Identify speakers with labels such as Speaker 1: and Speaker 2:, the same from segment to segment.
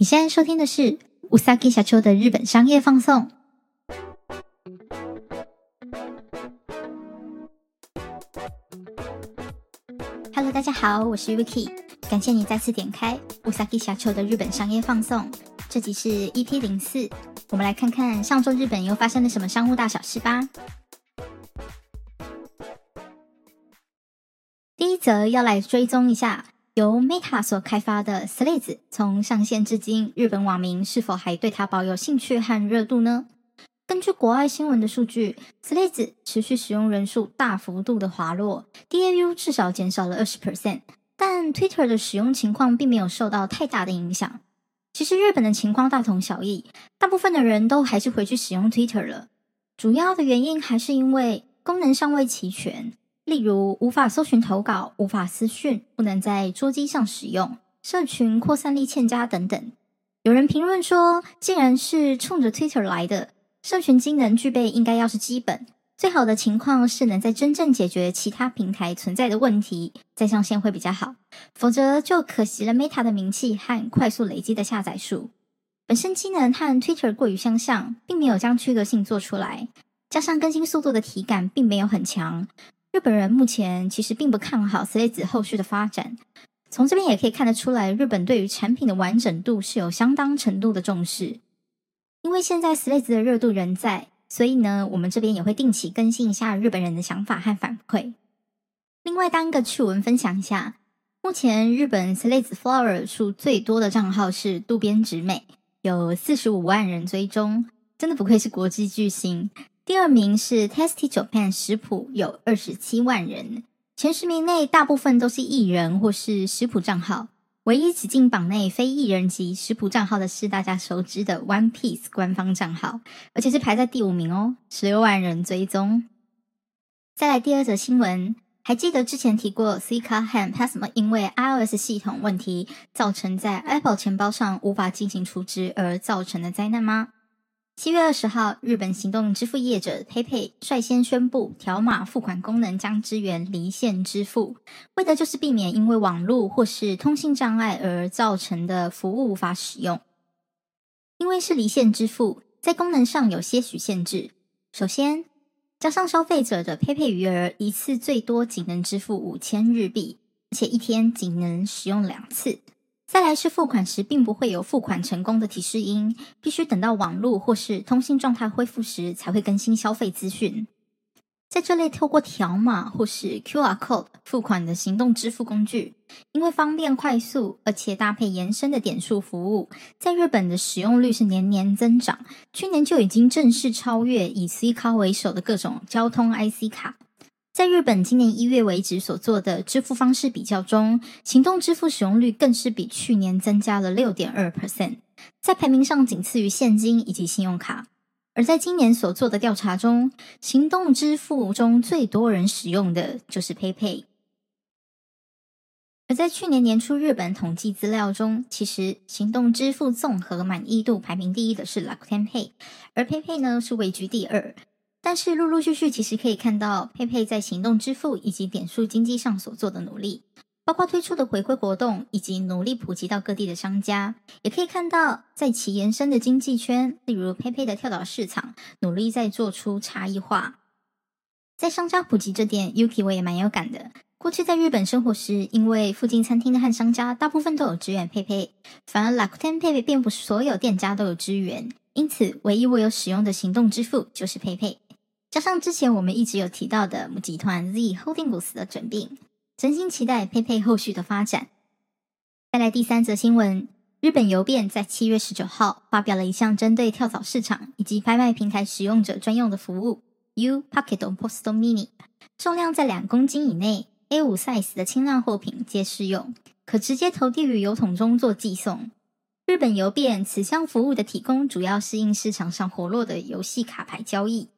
Speaker 1: 你現在收聽的是《うさぎ社長的日本商業放送》。Hello，大家好，我是 Vicky，感謝你再次點開《うさぎ社長的日本商業放送》。這集是 EP 零四，我們來看看上周日本又發生了什麼商務大小事吧。第一則要來追蹤一下。由 Meta 所開發的 Threads，從上線至今，日本網民是否還對它保有興趣和熱度呢？根據國外新聞的數據，Threads 持續使用人數大幅度的滑落，DAU 至少減少了二十 percent，但 Twitter 的使用情況並沒有受到太大的影響。其實日本的情況大同小異，大部分的人都還是回去使用 Twitter 了。主要的原因還是因為功能尚未齊全。例如無法搜尋投稿、無法私訊、不能在桌機上使用、社群擴散力欠佳等等。有人評論說，既然是衝着 Twitter 來的，社群機能具備應該要是基本。最好的情況是能在真正解決其他平台存在的問題再上線會比較好，否則就可惜了 Meta 的名氣和快速累積的下載數。本身機能和 Twitter 過於相像，並沒有將區隔性做出來，加上更新速度的體感並沒有很強。日本人目前其實並不看好 Threads 後續的發展，從這邊也可以看得出來，日本對於產品的完整度是有相當程度的重視。因為現在 Threads 的熱度仍在，所以呢，我們這邊也會定期更新一下日本人的想法和反饋。另外，當個趣聞分享一下，目前日本 Threads Follower 數最多的賬號是渡邊直美，有四十五萬人追蹤，真的不愧是國際巨星。第二名是 Tasty Japan 食譜，有二十七萬人。前十名內大部分都是藝人或是食譜賬號，唯一擠進榜內非藝人及食譜賬號的是大家熟知的 One Piece 官方賬號，而且是排在第五名哦，十六萬人追蹤。再來第二則新聞，還記得之前提過 Suica 和 PASMO 因為 iOS 系統問題造成在 Apple 錢包上無法進行出資而造成的災難嗎？七月二十號，日本行動支付業者 PayPay 率先宣布，條碼付款功能將支援離線支付，為的就是避免因為網絡或是通信障礙而造成的服務無法使用。因為是離線支付，在功能上有些許限制。首先，加上消費者的 PayPay 餘額，一次最多僅能支付五千日幣，而且一天僅能使用兩次。再來是付款時，並不會有付款成功的提示音，必須等到網絡或是通信狀態恢復時，才會更新消費資訊。在這類透過條碼或是 QR code 付款的行動支付工具，因為方便快速，而且搭配延伸的點數服務，在日本的使用率是年年增長，去年就已經正式超越以 Suica 為首的各種交通 IC 卡。在日本今年一月為止所做的支付方式比較中，行動支付使用率更是比去年增加了六點二 percent，在排名上僅次於現金以及信用卡。而在今年所做的調查中，行動支付中最多人使用的就是 PayPay。而在去年年初日本統計資料中，其實行動支付綜合滿意度排名第一的是樂天 Pay，而 PayPay 呢是位居第二。但是陸陸續續，其實可以看到 PayPay 在行動支付以及點數經濟上所做的努力，包括推出的回饋活動，以及努力普及到各地的商家。也可以看到在其延伸的經濟圈，例如 PayPay 的跳蚤市場，努力在做出差異化。在商家普及這點，Yuki 我也蠻有感的。過去在日本生活時，因為附近餐廳的和商家大部分都有支援 PayPay，反而 Rakuten Pay 並不是所有店家都有支援，因此唯一我有使用的行動支付就是 PayPay。加上之前我們一直有提到的母集團 Z Holdings 的整併，真心期待 PayPay 後續的發展。再來第三則新聞，日本郵便在七月十九號發表了一項針對跳蚤市場以及拍賣平台使用者專用的服務，U Pocket Post Mini，重量在兩公斤以內 A5 size 的輕量貨品皆適用，可直接投遞於郵筒中做寄送。日本郵便此項服務的提供，主要適應市場上活絡的遊戲卡牌交易。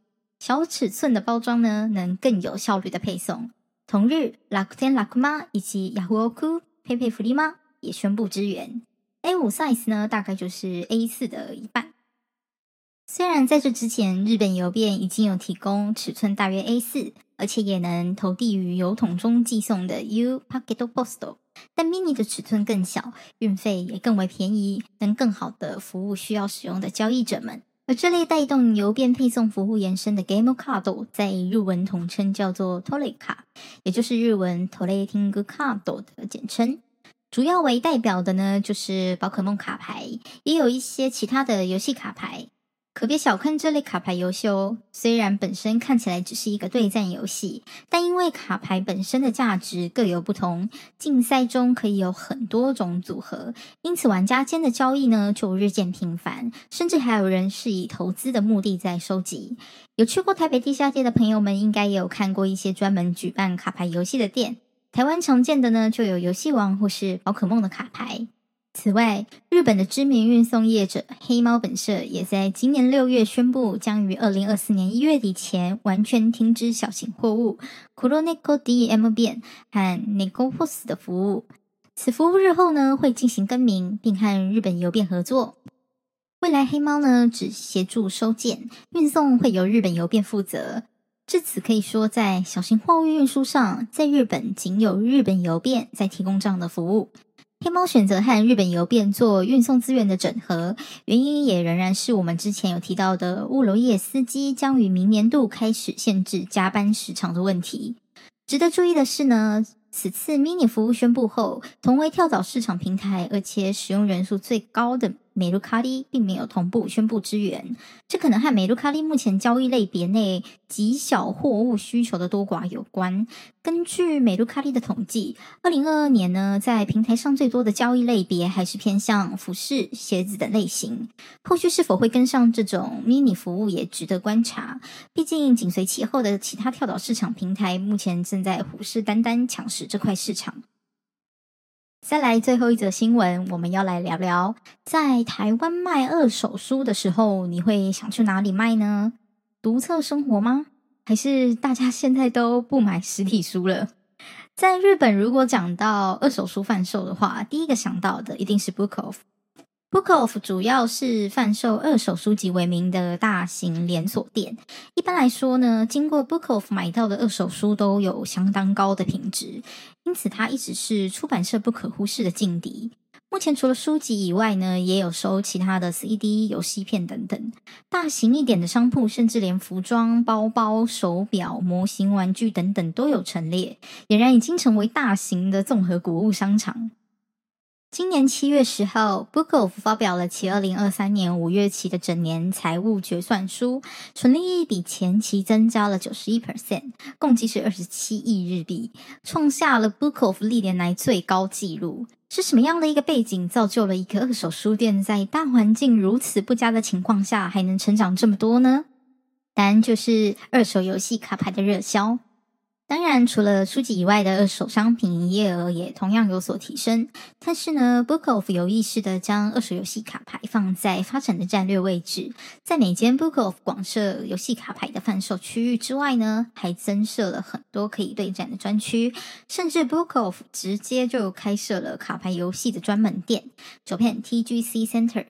Speaker 1: 小尺寸的包裝呢，能更有效率的配送。同日，Rakuten Rakuma 以及雅虎奧酷 PayPay 弗裡媽也宣布支援。A5 size 呢，大概就是 A4 的一半。雖然在這之前，日本郵便已經有提供尺寸大約 A4，而且也能投遞於郵筒中寄送的 U Pocket Posto，但 Mini 的尺寸更小，運費也更為便宜，能更好的服務需要使用的交易者們。而這類帶動郵便配送服務延伸的 Game Card，在日文統稱叫做トレカ，也就是日文 Trading Card 的簡稱。主要為代表的呢，就是寶可夢卡牌，也有一些其他的遊戲卡牌。可別小看這類卡牌遊戲哦，雖然本身看起來只是一個對戰遊戲，但因為卡牌本身的價值各有不同，競賽中可以有很多種組合，因此玩家間的交易呢就日漸頻繁，甚至還有人是以投資的目的在收集。有去過台北地下街的朋友們，應該也有看過一些專門舉辦卡牌遊戲的店。台灣常見的呢，就有遊戲王或是寶可夢的卡牌。此外，日本的知名運送業者黑貓本社也在今年六月宣布，將於二零二四年一月底前完全停止小型貨物 Kuro Neko DM 便和 Neko Post 的服務。此服務日後呢會進行更名，並和日本郵便合作。未來黑貓呢只協助收件，運送會由日本郵便負責。至此可以說，在小型貨物運輸上，在日本僅有日本郵便在提供這樣的服務。天貓選擇和日本郵便做運送資源的整合，原因也仍然是我們之前有提到的物流業司機將於明年度開始限制加班時長的問題。值得注意的是呢，此次 mini 服務宣布後，同為跳蚤市場平台，而且使用人數最高的。美露卡利並沒有同步宣布支援，這可能和美露卡利目前交易類別內極小貨物需求的多寡有關。根據美露卡利的統計，二零二二年呢，在平台上最多的交易類別還是偏向服飾、鞋子等類型。後續是否會跟上這種 mini 服務也值得觀察，畢竟緊隨其後的其他跳蚤市場平台目前正在虎視眈眈搶食這塊市場。再來最後一則新聞，我們要來聊聊，在台灣賣二手書的時候，你會想去哪裡賣呢？讀冊生活嗎？還是大家現在都不買實體書了？在日本，如果講到二手書販售的話，第一個想到的一定是 Book Off。Book-off 主要是販售二手書籍為名的大型連鎖店。一般來說呢，經過 Book-off 買到的二手書都有相當高的品質，因此它一直是出版社不可忽視的勁敵。目前除了書籍以外呢，也有收其他的 CD、遊戲片等等。大型一點的商鋪，甚至連服裝、包包、手錶、模型、玩具等等都有陳列，儼然已經成為大型的綜合古物商場。今年七月十號，Book-off 發表了其二零二三年五月期的整年財務決算書，純利益比前期增加了九十一 percent，共計是二十七億日幣，創下了 Book-off 歷年來最高紀錄。是什麼樣的一個背景，造就了一個二手書店在大環境如此不佳的情況下，還能成長這麼多呢？答案就是二手遊戲卡牌的熱銷。當然，除了書籍以外的二手商品營業額也同樣有所提升。但是呢，Book-off 有意識地將二手遊戲卡牌放在發展的戰略位置，在每間 Book-off 廣設遊戲卡牌的販售區域之外呢，還增設了很多可以對戰的專區，甚至 Book-off 直接就開設了卡牌遊戲的專門店——九片 TGC Center。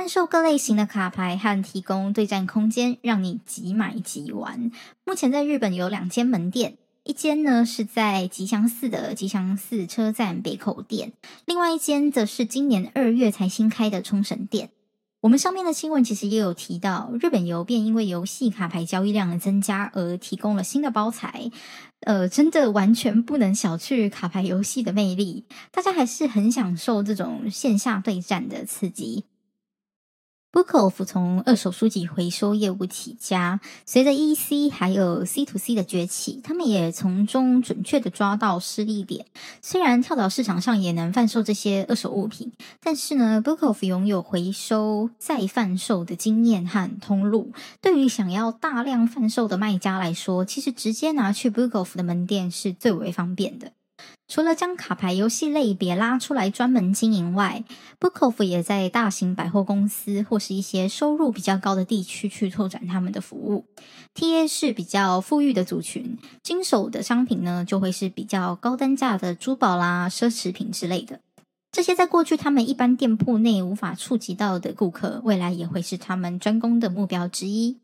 Speaker 1: 販售各類型的卡牌和提供對戰空間，讓你即買即玩。目前在日本有兩間門店，一間呢是在吉祥寺的吉祥寺車站北口店，另外一間則是今年二月才新開的沖繩店。我們上面的新聞其實也有提到，日本郵便因為遊戲卡牌交易量的增加而提供了新的包材。呃，真的完全不能小覷卡牌遊戲的魅力，大家還是很享受這種線下對戰的刺激。Book-off 從二手書籍回收業務起家，隨着 EC 還有 C to C 的崛起，他們也從中準確的抓到失利點。雖然跳蚤市場上也能販售這些二手物品，但是呢，Book-off 擁有回收再販售的經驗和通路，對於想要大量販售的賣家來說，其實直接拿去 Book-off 的門店是最為方便的。除了將卡牌遊戲類別拉出來專門經營外，Book-off 也在大型百貨公司或是一些收入比較高的地區去拓展他們的服務。TA 是比較富裕的族群，經手的商品呢，就會是比較高單價的珠寶啦、奢侈品之類的。這些在過去他們一般店鋪內無法觸及到的顧客，未來也會是他們專攻的目標之一。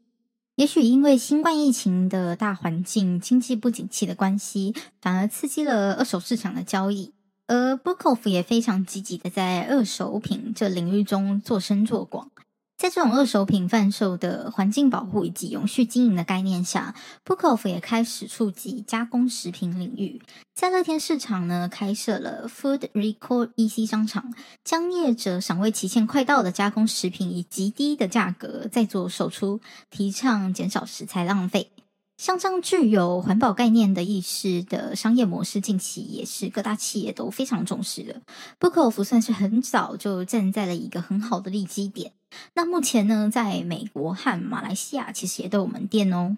Speaker 1: 也許因為新冠疫情的大環境、經濟不景氣的關係，反而刺激了二手市場的交易，而 Book-off 也非常積極的在二手品這領域中做深做廣。在這種二手品販售的環境保護以及永續經營的概念下，Bookoff 也開始觸及加工食品領域，在樂天市場呢，開設了 Food Record EC 商場，將業者賞味期限快到的加工食品以極低的價格再做售出，提倡減少食材浪費。像這樣具有環保概念的意識的商業模式，近期也是各大企業都非常重視的。Book-off 算是很早就站在了一個很好的立基點。那目前呢，在美國和馬來西亞其實也都有門店哦。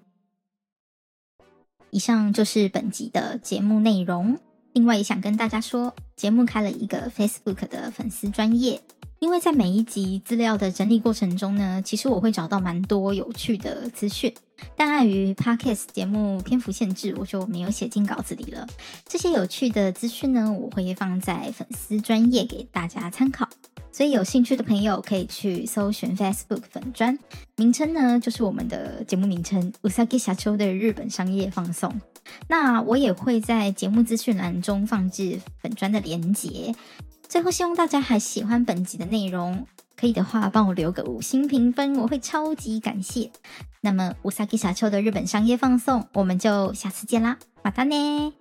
Speaker 1: 以上就是本集的節目內容。另外也想跟大家說，節目開了一個 Facebook 的粉絲專頁。因為在每一集資料的整理過程中呢，其實我會找到蠻多有趣的資訊，但礙於 Podcast 節目篇幅限制，我就沒有寫進稿子裡了。這些有趣的資訊呢，我會放在粉絲專頁給大家參考，所以有興趣的朋友可以去搜尋 Facebook 粉專，名稱呢就是我們的節目名稱 Usagi 社長的日本商業放送。那我也會在節目資訊欄中放置粉專的鏈接。最後希望大家還喜歡本集的內容，可以的話幫我留個五星評分，我會超級感謝。那麼，うさぎ社長的日本商業放送，我們就下次見啦，またね。